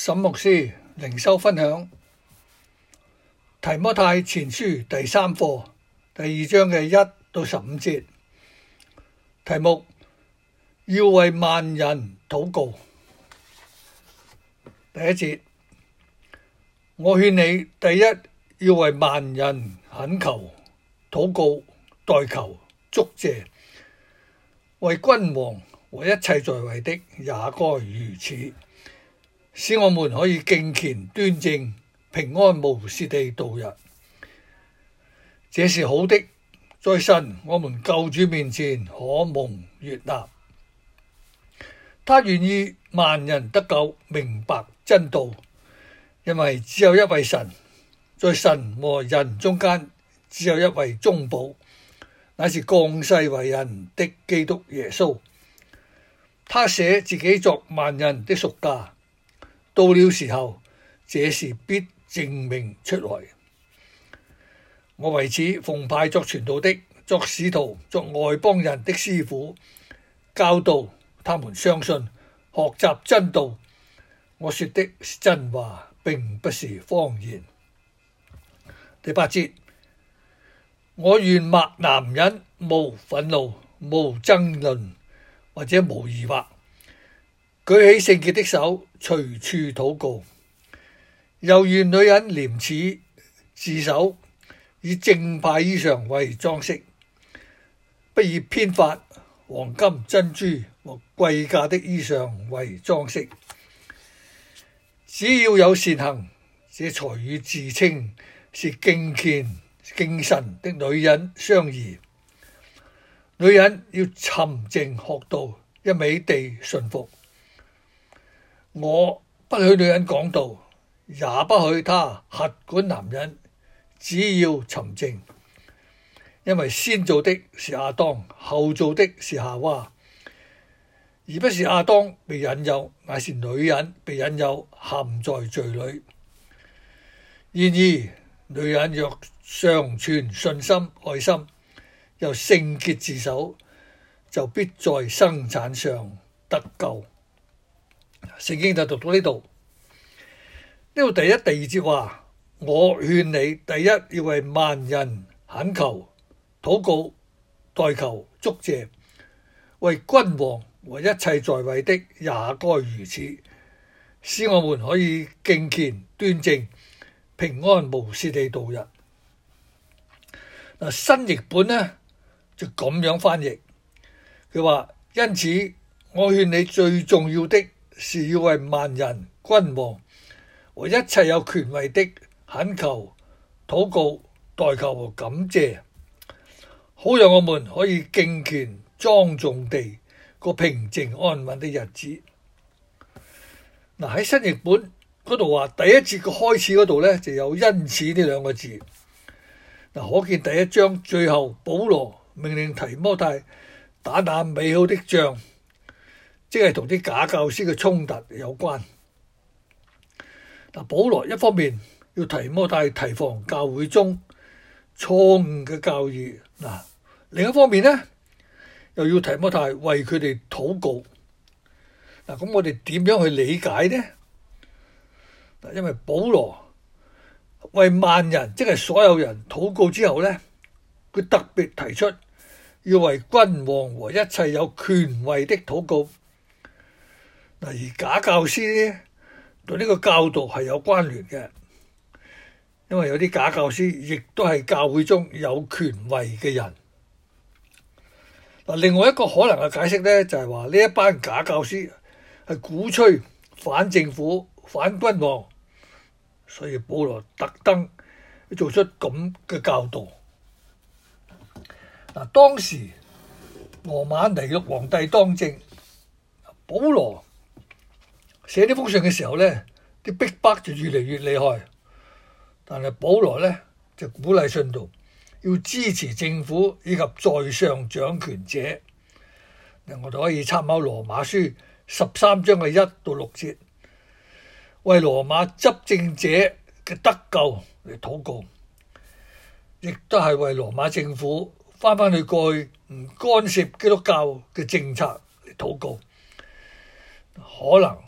沈牧師靈修分享《提摩太前書》第三課第二章嘅一到十五節，題目要為萬人禱告。第一節，我勸你第一要為萬人懇求、禱告、代求、祝謝，為君王為一切在位的也該如此。使我們可以敬虔端正、平安無事地度日，這是好的。在神我們救主面前可蒙悦納，他願意萬人得救、明白真道，因為只有一位神，在神和人中間只有一位中保，乃是降世為人的基督耶穌。他捨自己作萬人的贖價。到了時候，這事必證明出來。我為此奉派作傳道的、作使徒、作外邦人的師傅，教導他們相信、學習真道。我說的是真話，並不是謊言。第八節，我願默男人，無憤怒，無爭論，或者無疑惑。舉起聖潔的手，隨處禱告，又願女人廉恥自守，以正派衣裳為裝飾，不以編髮、黃金、珍珠和貴價的衣裳為裝飾。只要有善行，這才與自稱是敬虔敬神的女人相宜。女人要沉靜學道，一味地順服。我不許女人講道，也不許她轄管男人，只要沉靜。因為先做的是亞當，後做的是夏娃，而不是亞當被引誘，乃是女人被引誘陷在罪裏。然而，女人若常存信心、愛心，又聖潔自守，就必在生產上得救。聖經就讀到呢度，呢度第一、第二節話：我勸你第一要為萬人懇求、禱告、代求、祝謝，為君王為一切在位的也該如此，使我們可以敬虔、端正、平安無事地度日。嗱，新譯本呢就咁樣翻譯，佢話因此我勸你最重要的。是要為萬人、君王和一切有權威的懇求、禱告、代求和感謝，好讓我們可以敬虔莊重地過平靜安穩的日子。嗱，喺新譯本嗰度話，第一節嘅開始嗰度呢，就有因此呢兩個字。嗱，可見第一章最後保羅命令提摩太打打美好的仗。即係同啲假教師嘅衝突有關。嗱，保羅一方面要提摩太提防教會中錯誤嘅教義，嗱，另一方面呢，又要提摩太為佢哋禱告。嗱，咁我哋點樣去理解呢？嗱，因為保羅為萬人，即係所有人禱告之後呢，佢特別提出要為君王和一切有權位的禱告。而假教師咧，對呢個教導係有關聯嘅，因為有啲假教師亦都係教會中有權威嘅人。嗱，另外一個可能嘅解釋呢，就係話呢一班假教師係鼓吹反政府、反君王，所以保羅特登做出咁嘅教導。嗱，當時羅馬尼祿皇帝當政，保羅，寫呢封信嘅時候呢，啲逼迫就越嚟越厲害。但係保羅呢，就鼓勵信徒要支持政府以及在上掌權者。我哋可以參考《羅馬書》十三章嘅一到六節，為羅馬執政者嘅得救嚟禱告，亦都係為羅馬政府翻翻去過去唔干涉基督教嘅政策嚟禱告，可能。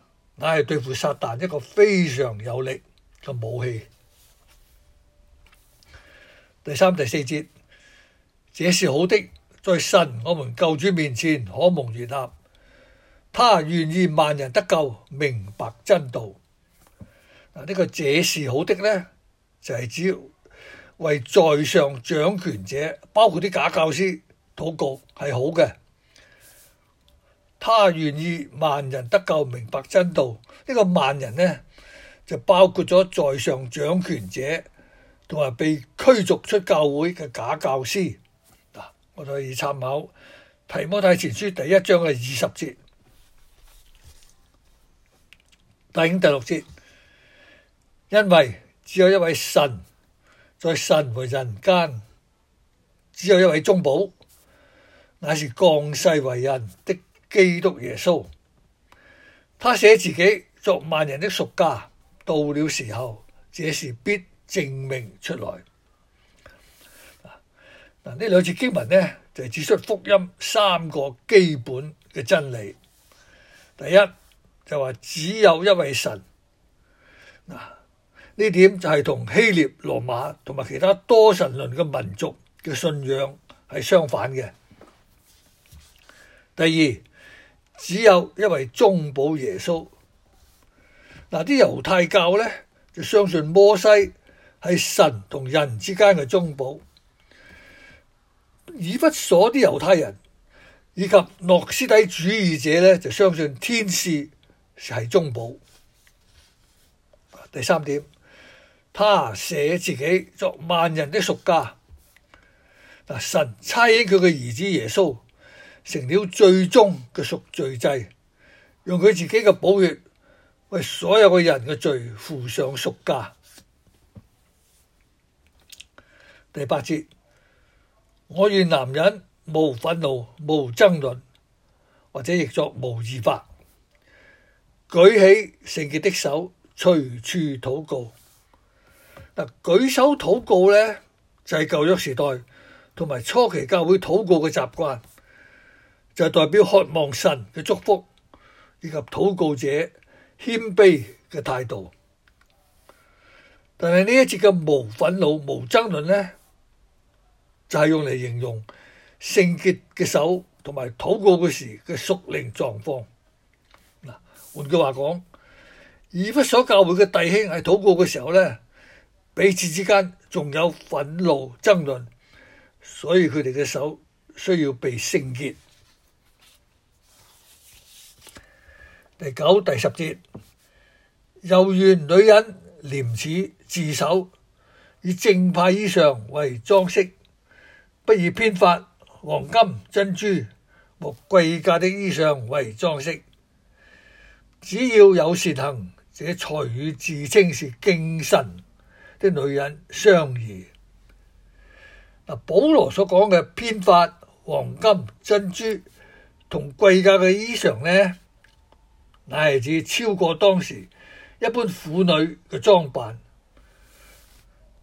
係對付撒旦一個非常有力嘅武器。第三、第四節，這是好的，在神、我們救主面前可蒙悅納。他願意萬人得救，明白真道。嗱，呢個這是好的呢，就係、是、指要為在上掌權者，包括啲假教師，禱告係好嘅。他願意萬人得救，明白真道，呢、這個萬人呢，就包括咗在上掌權者同埋被驅逐出教會嘅假教師。嗱，我哋可以參考提摩太前書第一章嘅二十節。第五、第六節，因為只有一位神，在神為人間，只有一位中保，乃是降世為人的。基督耶穌，他捨自己作萬人的贖價，到了時候，這事必證明出來。嗱，呢兩節經文呢，就係指出福音三個基本嘅真理。第一就話只有一位神，嗱呢點就係同希臘、羅馬同埋其他多神論嘅民族嘅信仰係相反嘅。第二。只有一位中保耶穌。嗱，啲猶太教呢就相信摩西係神同人之間嘅中保。以弗所啲猶太人以及諾斯底主義者呢，就相信天使係中保。第三點，他捨自己作萬人的贖價。嗱，神差遣佢嘅兒子耶穌。成了最終嘅贖罪祭，用佢自己嘅寶血為所有嘅人嘅罪付上贖價。第八節，我願男人無憤怒、無爭論，或者亦作無疑法，舉起聖潔的手，隨處禱告。嗱，舉手禱告呢，就係舊約時代同埋初期教會禱告嘅習慣。就代表渴望神嘅祝福，以及禱告者謙卑嘅態度。但係呢一節嘅無憤怒、無爭論咧，就係、是、用嚟形容聖潔嘅手同埋禱告嗰時嘅屬靈狀況。嗱，換句話講，以弗所教會嘅弟兄喺禱告嘅時候咧，彼此之間仲有憤怒爭論，所以佢哋嘅手需要被聖潔。第九、第十節，又願女人廉恥自守，以正派衣裳為裝飾，不以編髮、黃金、珍珠和貴價的衣裳為裝飾。只要有善行，這才與自稱是敬神的女人相宜。嗱，保羅所講嘅編髮、黃金、珍珠同貴價嘅衣裳呢？係指超過當時一般婦女嘅裝扮。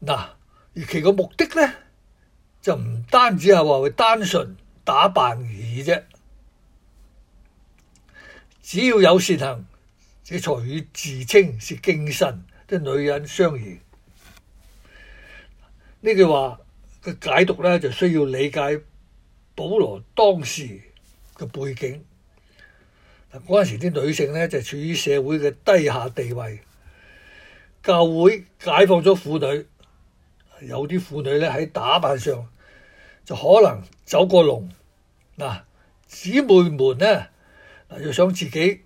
嗱，而其個目的咧，就唔單止係話會單純打扮而已啫。只要有善行，這才與自稱是敬神，即女人相宜。呢句話嘅解讀咧，就需要理解保羅當時嘅背景。嗱，嗰陣時啲女性呢，就處於社會嘅低下地位。教會解放咗婦女，有啲婦女呢，喺打扮上就可能走過龍。嗱，姊妹們呢，嗱，想自己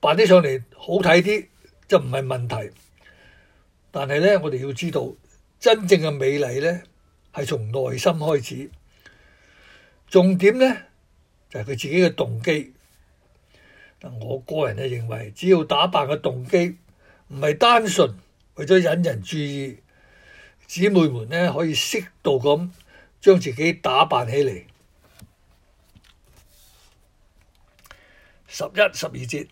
扮啲上嚟好睇啲，就唔係問題。但係呢，我哋要知道真正嘅美麗呢，係從內心開始，重點呢，就係佢自己嘅動機。我個人呢認為，只要打扮嘅動機唔係單純為咗引人注意，姊妹們呢，可以適度咁將自己打扮起嚟。十一、十二節，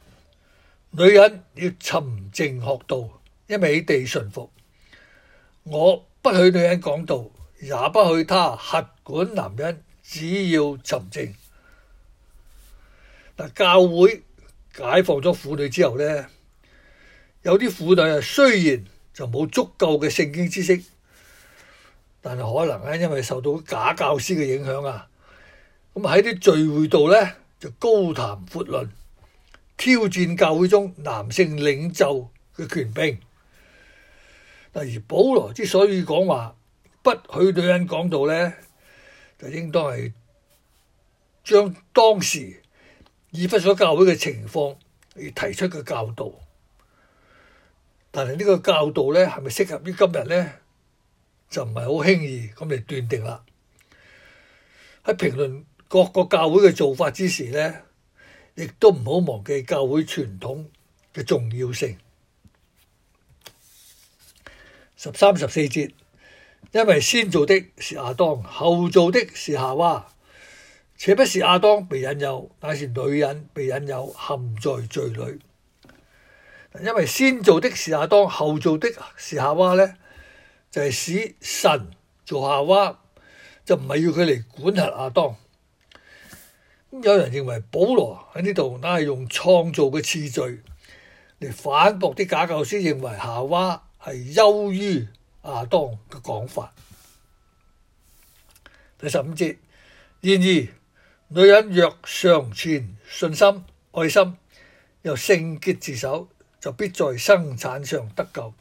女人要沉靜學道，一味地順服。我不許女人講道，也不許她轄管男人，只要沉靜。嗱，教會。解放咗婦女之後呢，有啲婦女啊，雖然就冇足夠嘅聖經知識，但係可能咧，因為受到假教師嘅影響啊，咁喺啲聚會度呢，就高談闊論，挑戰教會中男性領袖嘅權柄。嗱，而保羅之所以講話不許女人講道呢，就應當係將當時。以不咗教會嘅情況而提出嘅教導，但係呢個教導呢係咪適合於今日呢？就唔係好輕易咁嚟斷定啦。喺評論各個教會嘅做法之時呢，亦都唔好忘記教會傳統嘅重要性。十三十四節，因為先造的是亞當，後造的是夏娃。且不是亞當被引誘，乃是女人被引誘，陷在罪裏。因為先做的是亞當，後做的是夏娃呢就係、是、使神做夏娃，就唔係要佢嚟管轄亞當。有人認為保羅喺呢度，乃係用創造嘅次序嚟反駁啲假教師認為夏娃係優於亞當嘅講法。第十五節，然而。女人若尚存信心、愛心，又聖潔自守，就必在生產上得救。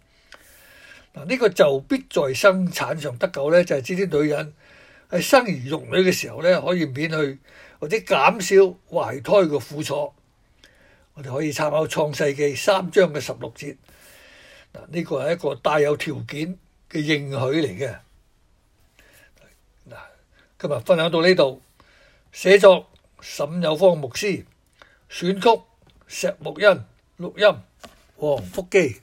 嗱，呢個就必在生產上得救呢，就係指啲女人喺生兒育女嘅時候呢，可以免去或者減少懷胎嘅苦楚。我哋可以參考創世記三章嘅十六節。嗱，呢個係一個帶有條件嘅應許嚟嘅。嗱，今日分享到呢度。寫作沈有芳牧師，選曲石木欣，錄音王福基。